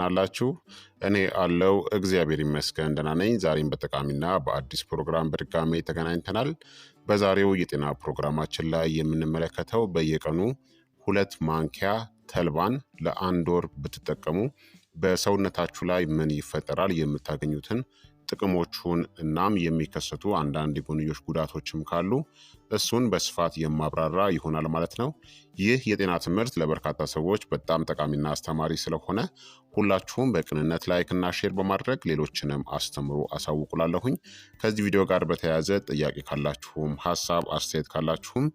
ናላችሁ እኔ አለው እግዚአብሔር ይመስገን ደህና ነኝ። ዛሬም በጠቃሚና በአዲስ ፕሮግራም በድጋሜ ተገናኝተናል። በዛሬው የጤና ፕሮግራማችን ላይ የምንመለከተው በየቀኑ ሁለት ማንኪያ ተልባን ለአንድ ወር ብትጠቀሙ በሰውነታችሁ ላይ ምን ይፈጠራል፣ የምታገኙትን ጥቅሞቹን እናም የሚከሰቱ አንዳንድ የጎንዮሽ ጉዳቶችም ካሉ እሱን በስፋት የማብራራ ይሆናል ማለት ነው። ይህ የጤና ትምህርት ለበርካታ ሰዎች በጣም ጠቃሚና አስተማሪ ስለሆነ ሁላችሁም በቅንነት ላይክ እና ሼር በማድረግ ሌሎችንም አስተምሩ አሳውቁላለሁኝ። ከዚህ ቪዲዮ ጋር በተያያዘ ጥያቄ ካላችሁም ሀሳብ አስተያየት ካላችሁም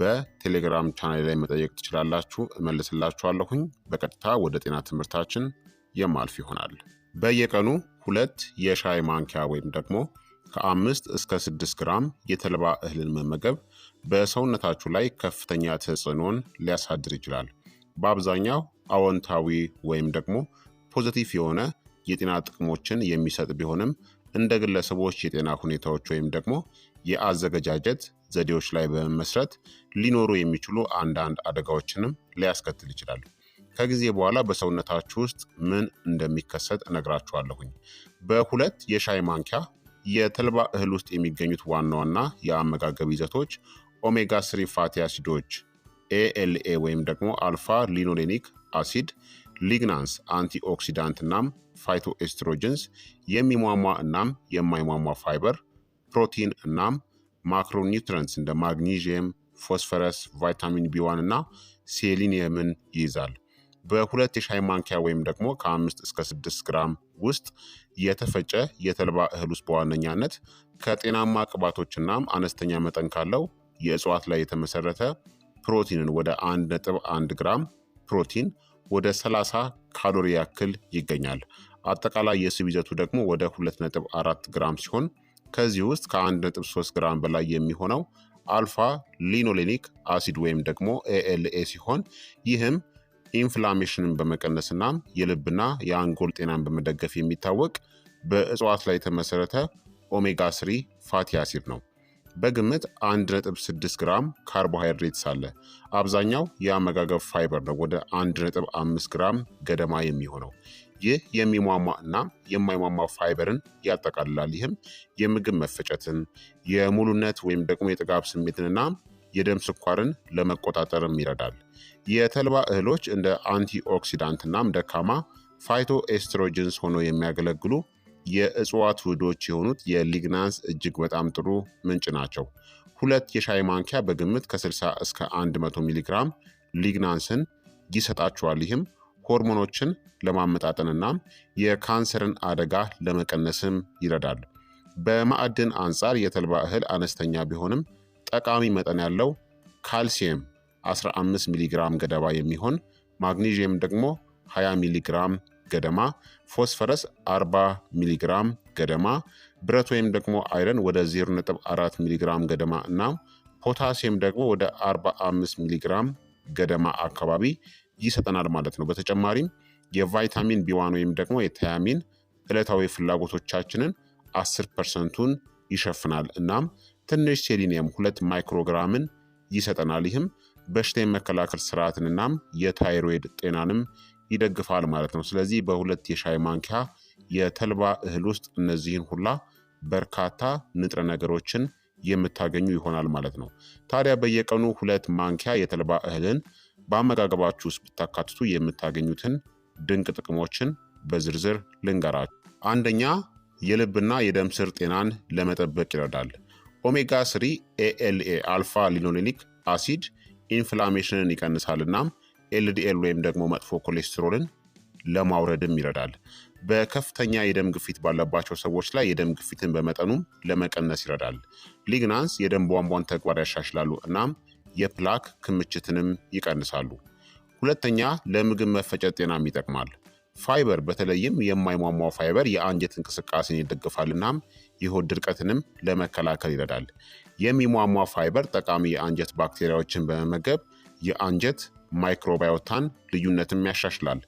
በቴሌግራም ቻናል ላይ መጠየቅ ትችላላችሁ፣ እመልስላችኋለሁኝ። በቀጥታ ወደ ጤና ትምህርታችን የማልፍ ይሆናል። በየቀኑ ሁለት የሻይ ማንኪያ ወይም ደግሞ ከአምስት እስከ ስድስት ግራም የተልባ እህልን መመገብ በሰውነታችሁ ላይ ከፍተኛ ተጽዕኖን ሊያሳድር ይችላል። በአብዛኛው አዎንታዊ ወይም ደግሞ ፖዘቲቭ የሆነ የጤና ጥቅሞችን የሚሰጥ ቢሆንም እንደ ግለሰቦች የጤና ሁኔታዎች ወይም ደግሞ የአዘገጃጀት ዘዴዎች ላይ በመመስረት ሊኖሩ የሚችሉ አንዳንድ አደጋዎችንም ሊያስከትል ይችላል። ከጊዜ በኋላ በሰውነታችሁ ውስጥ ምን እንደሚከሰት እነግራችኋለሁኝ። በሁለት የሻይ ማንኪያ የተልባ እህል ውስጥ የሚገኙት ዋና ዋና የአመጋገብ ይዘቶች ኦሜጋ ስሪ ፋቲ አሲዶች ኤኤልኤ ወይም ደግሞ አልፋ ሊኖሌኒክ አሲድ፣ ሊግናንስ፣ አንቲኦክሲዳንት እናም ፋይቶ ኤስትሮጅንስ፣ የሚሟሟ እናም የማይሟሟ ፋይበር፣ ፕሮቲን እናም ማክሮኒውትረንትስ እንደ ማግኒዥየም፣ ፎስፈረስ፣ ቫይታሚን ቢዋን እና ሴሊኒየምን ይይዛል። በሁለት የሻይ ማንኪያ ወይም ደግሞ ከአምስት እስከ ስድስት ግራም ውስጥ የተፈጨ የተልባ እህል ውስጥ በዋነኛነት ከጤናማ ቅባቶችናም አነስተኛ መጠን ካለው የእጽዋት ላይ የተመሰረተ ፕሮቲንን ወደ 1.1 ግራም ፕሮቲን ወደ 30 ካሎሪ ያክል ይገኛል። አጠቃላይ የስብ ይዘቱ ደግሞ ወደ 2.4 ግራም ሲሆን ከዚህ ውስጥ ከ1.3 ግራም በላይ የሚሆነው አልፋ ሊኖሌኒክ አሲድ ወይም ደግሞ ኤኤልኤ ሲሆን ይህም ኢንፍላሜሽንን በመቀነስና የልብና የአንጎል ጤናን በመደገፍ የሚታወቅ በእጽዋት ላይ የተመሰረተ ኦሜጋ ስሪ ፋቲ አሲድ ነው። በግምት 1.6 ግራም ካርቦሃይድሬትስ አለ። አብዛኛው የአመጋገብ ፋይበር ነው፣ ወደ 1.5 ግራም ገደማ የሚሆነው ይህ የሚሟሟ እና የማይሟሟ ፋይበርን ያጠቃልላል። ይህም የምግብ መፈጨትን፣ የሙሉነት ወይም ደግሞ የጥጋብ ስሜትንና የደም ስኳርን ለመቆጣጠርም ይረዳል። የተልባ እህሎች እንደ አንቲኦክሲዳንትናም ደካማ ፋይቶ ኤስትሮጅንስ ሆኖ የሚያገለግሉ የእጽዋት ውህዶች የሆኑት የሊግናንስ እጅግ በጣም ጥሩ ምንጭ ናቸው። ሁለት የሻይ ማንኪያ በግምት ከ60 እስከ 100 ሚሊግራም ሊግናንስን ይሰጣችኋል። ይህም ሆርሞኖችን ለማመጣጠንና የካንሰርን አደጋ ለመቀነስም ይረዳል። በማዕድን አንጻር የተልባ እህል አነስተኛ ቢሆንም ጠቃሚ መጠን ያለው ካልሲየም 15 ሚሊግራም ገደማ የሚሆን ማግኒዥየም ደግሞ 20 ሚሊግራም ገደማ፣ ፎስፈረስ 40 ሚሊግራም ገደማ፣ ብረት ወይም ደግሞ አይረን ወደ 0.4 ሚሊግራም ገደማ እና ፖታሲየም ደግሞ ወደ 45 ሚሊግራም ገደማ አካባቢ ይሰጠናል ማለት ነው። በተጨማሪም የቫይታሚን ቢዋን ወይም ደግሞ የታያሚን ዕለታዊ ፍላጎቶቻችንን 10 ፐርሰንቱን ይሸፍናል። እናም ትንሽ ሴሊኒየም ሁለት ማይክሮግራምን ይሰጠናል። ይህም በሽታ የመከላከል ስርዓትንናም የታይሮይድ ጤናንም ይደግፋል ማለት ነው። ስለዚህ በሁለት የሻይ ማንኪያ የተልባ እህል ውስጥ እነዚህን ሁላ በርካታ ንጥረ ነገሮችን የምታገኙ ይሆናል ማለት ነው። ታዲያ በየቀኑ ሁለት ማንኪያ የተልባ እህልን በአመጋገባችሁ ውስጥ ብታካትቱ የምታገኙትን ድንቅ ጥቅሞችን በዝርዝር ልንገራችሁ። አንደኛ የልብና የደም ስር ጤናን ለመጠበቅ ይረዳል። ኦሜጋ ስሪ ኤኤልኤ አልፋ ሊኖሌኒክ አሲድ ኢንፍላሜሽንን ይቀንሳል እናም ኤልዲኤል ወይም ደግሞ መጥፎ ኮሌስትሮልን ለማውረድም ይረዳል። በከፍተኛ የደም ግፊት ባለባቸው ሰዎች ላይ የደም ግፊትን በመጠኑም ለመቀነስ ይረዳል። ሊግናንስ የደም ቧንቧን ተግባር ያሻሽላሉ እናም የፕላክ ክምችትንም ይቀንሳሉ። ሁለተኛ ለምግብ መፈጨት ጤናም ይጠቅማል። ፋይበር በተለይም የማይሟሟው ፋይበር የአንጀት እንቅስቃሴን ይደግፋል እናም የሆድ ድርቀትንም ለመከላከል ይረዳል። የሚሟሟ ፋይበር ጠቃሚ የአንጀት ባክቴሪያዎችን በመመገብ የአንጀት ማይክሮባዮታን ልዩነትም ያሻሽላል።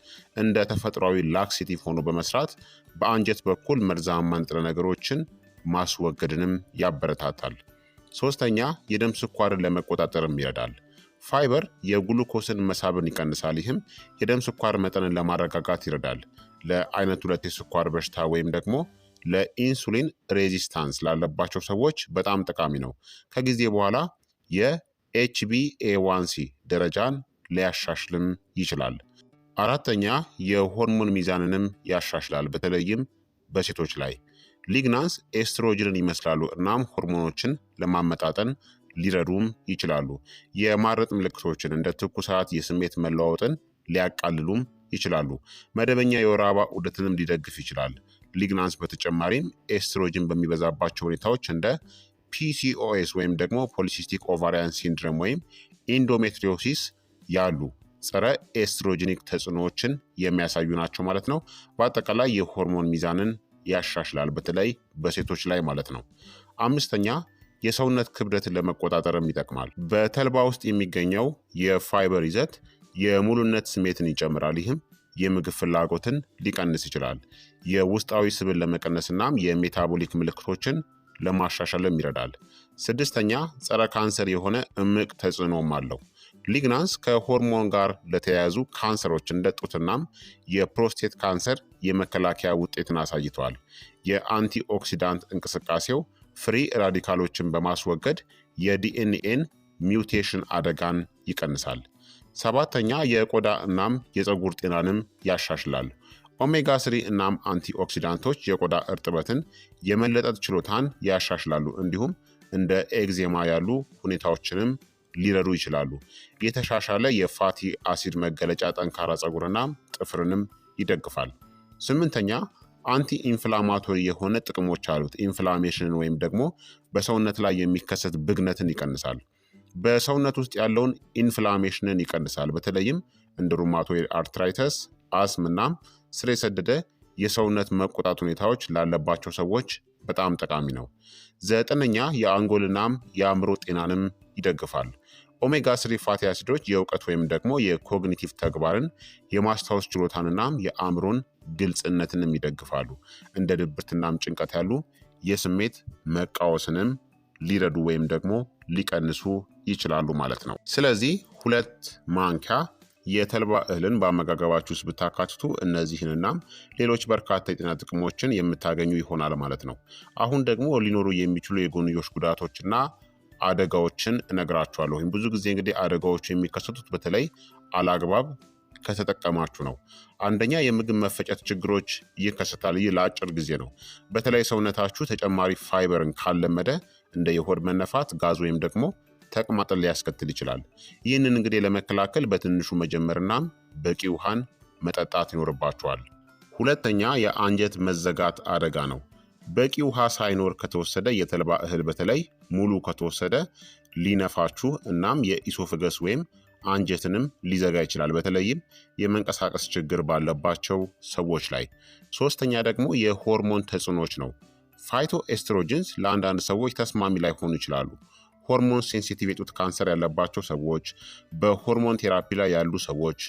እንደ ተፈጥሯዊ ላክሲቲቭ ሆኖ በመስራት በአንጀት በኩል መርዛማ ንጥረ ነገሮችን ማስወገድንም ያበረታታል። ሶስተኛ የደም ስኳርን ለመቆጣጠርም ይረዳል። ፋይበር የግሉኮስን መሳብን ይቀንሳል። ይህም የደም ስኳር መጠንን ለማረጋጋት ይረዳል። ለአይነት ሁለት የስኳር በሽታ ወይም ደግሞ ለኢንሱሊን ሬዚስታንስ ላለባቸው ሰዎች በጣም ጠቃሚ ነው። ከጊዜ በኋላ የኤችቢኤዋንሲ ደረጃን ሊያሻሽልም ይችላል። አራተኛ የሆርሞን ሚዛንንም ያሻሽላል፣ በተለይም በሴቶች ላይ ሊግናንስ ኤስትሮጅንን ይመስላሉ እናም ሆርሞኖችን ለማመጣጠን ሊረዱም ይችላሉ። የማረጥ ምልክቶችን እንደ ትኩሳት፣ የስሜት መለዋወጥን ሊያቃልሉም ይችላሉ። መደበኛ የወር አበባ ዑደትንም ሊደግፍ ይችላል። ሊግናንስ በተጨማሪም ኤስትሮጅን በሚበዛባቸው ሁኔታዎች እንደ ፒሲኦኤስ ወይም ደግሞ ፖሊሲስቲክ ኦቫሪያን ሲንድረም ወይም ኢንዶሜትሪዮሲስ ያሉ ጸረ ኤስትሮጂኒክ ተጽዕኖዎችን የሚያሳዩ ናቸው ማለት ነው። በአጠቃላይ የሆርሞን ሚዛንን ያሻሽላል፣ በተለይ በሴቶች ላይ ማለት ነው። አምስተኛ የሰውነት ክብደትን ለመቆጣጠርም ይጠቅማል። በተልባ ውስጥ የሚገኘው የፋይበር ይዘት የሙሉነት ስሜትን ይጨምራል። ይህም የምግብ ፍላጎትን ሊቀንስ ይችላል። የውስጣዊ ስብን ለመቀነስናም የሜታቦሊክ ምልክቶችን ለማሻሻልም ይረዳል። ስድስተኛ ጸረ ካንሰር የሆነ እምቅ ተጽዕኖም አለው። ሊግናንስ ከሆርሞን ጋር ለተያያዙ ካንሰሮች እንደ ጡትናም የፕሮስቴት ካንሰር የመከላከያ ውጤትን አሳይቷል። የአንቲኦክሲዳንት እንቅስቃሴው ፍሪ ራዲካሎችን በማስወገድ የዲኤንኤን ሚውቴሽን አደጋን ይቀንሳል። ሰባተኛ የቆዳ እናም የፀጉር ጤናንም ያሻሽላል። ኦሜጋ ስሪ እናም አንቲኦክሲዳንቶች የቆዳ እርጥበትን የመለጠጥ ችሎታን ያሻሽላሉ፣ እንዲሁም እንደ ኤግዜማ ያሉ ሁኔታዎችንም ሊረዱ ይችላሉ። የተሻሻለ የፋቲ አሲድ መገለጫ ጠንካራ ፀጉርና ጥፍርንም ይደግፋል። ስምንተኛ አንቲ ኢንፍላማቶሪ የሆነ ጥቅሞች አሉት። ኢንፍላሜሽንን ወይም ደግሞ በሰውነት ላይ የሚከሰት ብግነትን ይቀንሳል። በሰውነት ውስጥ ያለውን ኢንፍላሜሽንን ይቀንሳል። በተለይም እንደ ሩማቶይድ አርትራይተስ፣ አስም እናም ስር የሰደደ የሰውነት መቆጣት ሁኔታዎች ላለባቸው ሰዎች በጣም ጠቃሚ ነው። ዘጠነኛ የአንጎልናም የአእምሮ ጤናንም ይደግፋል። ኦሜጋ ስሪ ፋቲ አሲዶች የእውቀት ወይም ደግሞ የኮግኒቲቭ ተግባርን የማስታወስ ችሎታንናም የአእምሮን ግልጽነትንም ይደግፋሉ። እንደ ድብርትናም ጭንቀት ያሉ የስሜት መቃወስንም ሊረዱ ወይም ደግሞ ሊቀንሱ ይችላሉ ማለት ነው። ስለዚህ ሁለት ማንኪያ የተልባ እህልን በአመጋገባችሁ ውስጥ ብታካትቱ እነዚህንናም ሌሎች በርካታ የጤና ጥቅሞችን የምታገኙ ይሆናል ማለት ነው። አሁን ደግሞ ሊኖሩ የሚችሉ የጎንዮሽ ጉዳቶችና አደጋዎችን እነግራችኋለሁ። ወይም ብዙ ጊዜ እንግዲህ አደጋዎች የሚከሰቱት በተለይ አላግባብ ከተጠቀማችሁ ነው። አንደኛ የምግብ መፈጨት ችግሮች ይከሰታል። ይህ ለአጭር ጊዜ ነው። በተለይ ሰውነታችሁ ተጨማሪ ፋይበርን ካለመደ እንደ የሆድ መነፋት፣ ጋዝ ወይም ደግሞ ተቅማጥን ሊያስከትል ይችላል። ይህንን እንግዲህ ለመከላከል በትንሹ መጀመርና በቂ ውሃን መጠጣት ይኖርባችኋል። ሁለተኛ የአንጀት መዘጋት አደጋ ነው። በቂ ውሃ ሳይኖር ከተወሰደ የተልባ እህል በተለይ ሙሉ ከተወሰደ ሊነፋችሁ እናም የኢሶፍገስ ወይም አንጀትንም ሊዘጋ ይችላል፣ በተለይም የመንቀሳቀስ ችግር ባለባቸው ሰዎች ላይ። ሶስተኛ ደግሞ የሆርሞን ተጽዕኖች ነው። ፋይቶ ኤስትሮጅንስ ለአንዳንድ ሰዎች ተስማሚ ላይሆኑ ይችላሉ። ሆርሞን ሴንሲቲቭ የጡት ካንሰር ያለባቸው ሰዎች፣ በሆርሞን ቴራፒ ላይ ያሉ ሰዎች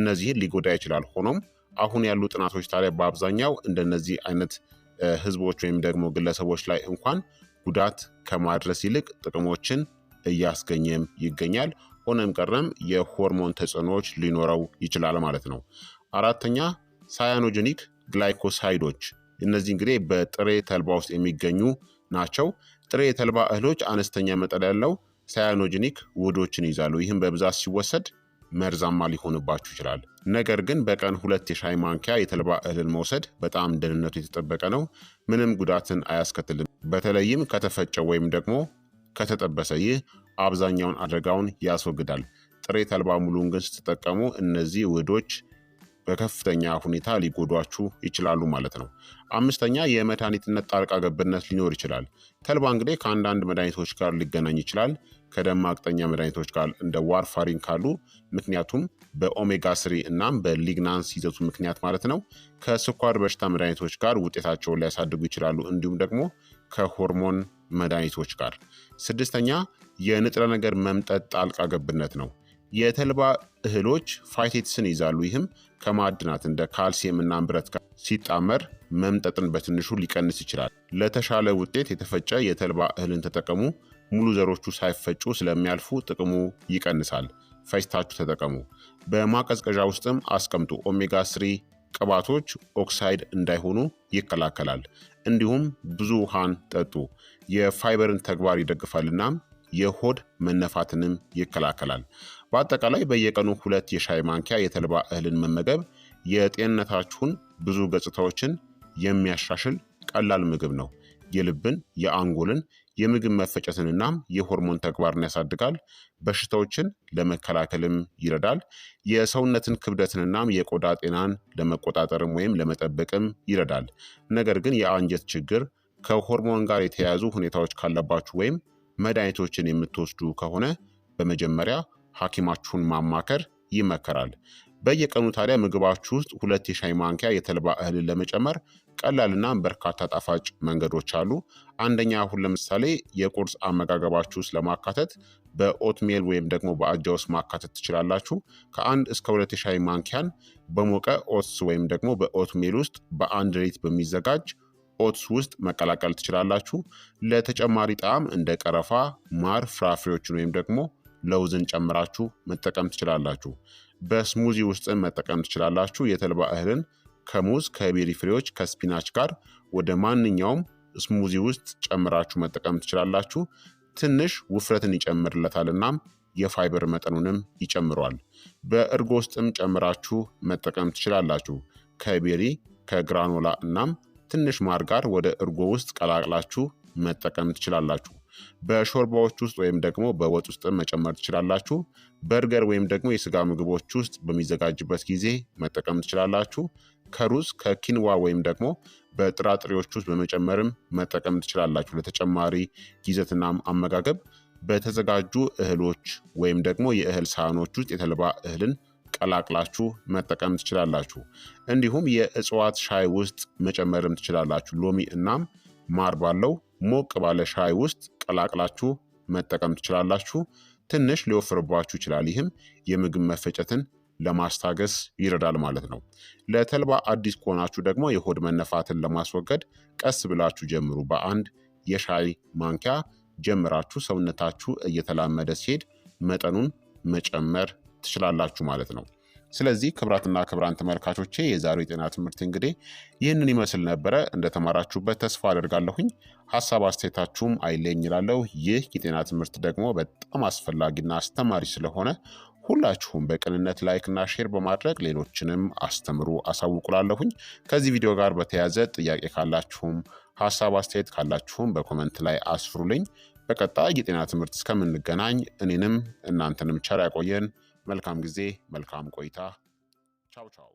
እነዚህን ሊጎዳ ይችላል። ሆኖም አሁን ያሉ ጥናቶች ታዲያ በአብዛኛው እንደነዚህ አይነት ህዝቦች ወይም ደግሞ ግለሰቦች ላይ እንኳን ጉዳት ከማድረስ ይልቅ ጥቅሞችን እያስገኘም ይገኛል። ሆነም ቀረም የሆርሞን ተጽዕኖዎች ሊኖረው ይችላል ማለት ነው። አራተኛ ሳያኖጀኒክ ግላይኮሳይዶች፣ እነዚህ እንግዲህ በጥሬ ተልባ ውስጥ የሚገኙ ናቸው። ጥሬ የተልባ እህሎች አነስተኛ መጠን ያለው ሳያኖጀኒክ ውህዶችን ይዛሉ። ይህም በብዛት ሲወሰድ መርዛማ ሊሆንባችሁ ይችላል። ነገር ግን በቀን ሁለት የሻይ ማንኪያ የተልባ እህልን መውሰድ በጣም ደህንነቱ የተጠበቀ ነው፣ ምንም ጉዳትን አያስከትልም። በተለይም ከተፈጨ ወይም ደግሞ ከተጠበሰ። ይህ አብዛኛውን አደጋውን ያስወግዳል። ጥሬ ተልባ ሙሉን ግን ስትጠቀሙ እነዚህ ውህዶች በከፍተኛ ሁኔታ ሊጎዷችሁ ይችላሉ ማለት ነው። አምስተኛ የመድኃኒትነት ጣልቃ ገብነት ሊኖር ይችላል። ተልባ እንግዲህ ከአንዳንድ መድኃኒቶች ጋር ሊገናኝ ይችላል ከደም መድኃኒቶች ጋር እንደ ዋርፋሪን ካሉ ምክንያቱም በኦሜጋ ስሪ እናም በሊግናንስ ይዘቱ ምክንያት ማለት ነው። ከስኳር በሽታ መድኃኒቶች ጋር ውጤታቸውን ሊያሳድጉ ይችላሉ እንዲሁም ደግሞ ከሆርሞን መድኃኒቶች ጋር። ስድስተኛ የንጥረ ነገር መምጠጥ ጣልቃ ገብነት ነው። የተልባ እህሎች ፋይቴትስን ይዛሉ። ይህም ከማዕድናት እንደ ካልሲየም እና ብረት ጋር ሲጣመር መምጠጥን በትንሹ ሊቀንስ ይችላል። ለተሻለ ውጤት የተፈጨ የተልባ እህልን ተጠቀሙ። ሙሉ ዘሮቹ ሳይፈጩ ስለሚያልፉ ጥቅሙ ይቀንሳል። ፈጭታችሁ ተጠቀሙ። በማቀዝቀዣ ውስጥም አስቀምጡ። ኦሜጋ ስሪ ቅባቶች ኦክሳይድ እንዳይሆኑ ይከላከላል። እንዲሁም ብዙ ውሃን ጠጡ። የፋይበርን ተግባር ይደግፋል የሆድ መነፋትንም ይከላከላል። በአጠቃላይ በየቀኑ ሁለት የሻይ ማንኪያ የተልባ እህልን መመገብ የጤንነታችሁን ብዙ ገጽታዎችን የሚያሻሽል ቀላል ምግብ ነው። የልብን፣ የአንጎልን፣ የምግብ መፈጨትንናም የሆርሞን ተግባርን ያሳድጋል። በሽታዎችን ለመከላከልም ይረዳል። የሰውነትን ክብደትንናም የቆዳ ጤናን ለመቆጣጠርም ወይም ለመጠበቅም ይረዳል። ነገር ግን የአንጀት ችግር ከሆርሞን ጋር የተያያዙ ሁኔታዎች ካለባችሁ ወይም መድኃኒቶችን የምትወስዱ ከሆነ በመጀመሪያ ሐኪማችሁን ማማከር ይመከራል። በየቀኑ ታዲያ ምግባችሁ ውስጥ ሁለት የሻይ ማንኪያ የተልባ እህልን ለመጨመር ቀላልና በርካታ ጣፋጭ መንገዶች አሉ። አንደኛ አሁን ለምሳሌ የቁርስ አመጋገባችሁ ውስጥ ለማካተት በኦትሜል ወይም ደግሞ በአጃ ውስጥ ማካተት ትችላላችሁ። ከአንድ እስከ ሁለት የሻይ ማንኪያን በሞቀ ኦትስ ወይም ደግሞ በኦትሜል ውስጥ በአንድ ሌት በሚዘጋጅ ኦትስ ውስጥ መቀላቀል ትችላላችሁ። ለተጨማሪ ጣዕም እንደ ቀረፋ፣ ማር፣ ፍራፍሬዎችን ወይም ደግሞ ለውዝን ጨምራችሁ መጠቀም ትችላላችሁ። በስሙዚ ውስጥን መጠቀም ትችላላችሁ። የተልባ እህልን ከሙዝ ከቤሪ ፍሬዎች ከስፒናች ጋር ወደ ማንኛውም ስሙዚ ውስጥ ጨምራችሁ መጠቀም ትችላላችሁ። ትንሽ ውፍረትን ይጨምርለታል እናም የፋይበር መጠኑንም ይጨምሯል። በእርጎ ውስጥም ጨምራችሁ መጠቀም ትችላላችሁ። ከቤሪ ከግራኖላ እናም ትንሽ ማር ጋር ወደ እርጎ ውስጥ ቀላቅላችሁ መጠቀም ትችላላችሁ። በሾርባዎች ውስጥ ወይም ደግሞ በወጥ ውስጥ መጨመር ትችላላችሁ። በርገር ወይም ደግሞ የስጋ ምግቦች ውስጥ በሚዘጋጅበት ጊዜ መጠቀም ትችላላችሁ። ከሩዝ ከኪንዋ ወይም ደግሞ በጥራጥሬዎች ውስጥ በመጨመርም መጠቀም ትችላላችሁ። ለተጨማሪ ጊዜትና አመጋገብ በተዘጋጁ እህሎች ወይም ደግሞ የእህል ሳህኖች ውስጥ የተልባ እህልን ቀላቅላችሁ መጠቀም ትችላላችሁ። እንዲሁም የእጽዋት ሻይ ውስጥ መጨመርም ትችላላችሁ። ሎሚ እናም ማር ባለው ሞቅ ባለ ሻይ ውስጥ ቀላቅላችሁ መጠቀም ትችላላችሁ። ትንሽ ሊወፍርባችሁ ይችላል። ይህም የምግብ መፈጨትን ለማስታገስ ይረዳል ማለት ነው። ለተልባ አዲስ ከሆናችሁ ደግሞ የሆድ መነፋትን ለማስወገድ ቀስ ብላችሁ ጀምሩ። በአንድ የሻይ ማንኪያ ጀምራችሁ ሰውነታችሁ እየተላመደ ሲሄድ መጠኑን መጨመር ትችላላችሁ ማለት ነው። ስለዚህ ክብራትና ክብራን ተመልካቾቼ የዛሬው የጤና ትምህርት እንግዲህ ይህንን ይመስል ነበረ። እንደተማራችሁበት ተስፋ አደርጋለሁኝ። ሀሳብ አስተያየታችሁም አይለኝ ይላለሁ ይህ የጤና ትምህርት ደግሞ በጣም አስፈላጊና አስተማሪ ስለሆነ ሁላችሁም በቅንነት ላይክና ሼር በማድረግ ሌሎችንም አስተምሩ አሳውቁላለሁኝ። ከዚህ ቪዲዮ ጋር በተያያዘ ጥያቄ ካላችሁም ሀሳብ አስተያየት ካላችሁም በኮመንት ላይ አስፍሩልኝ። በቀጣይ የጤና ትምህርት እስከምንገናኝ እኔንም እናንተንም ቸር ያቆየን። መልካም ጊዜ፣ መልካም ቆይታ። ቻው ቻው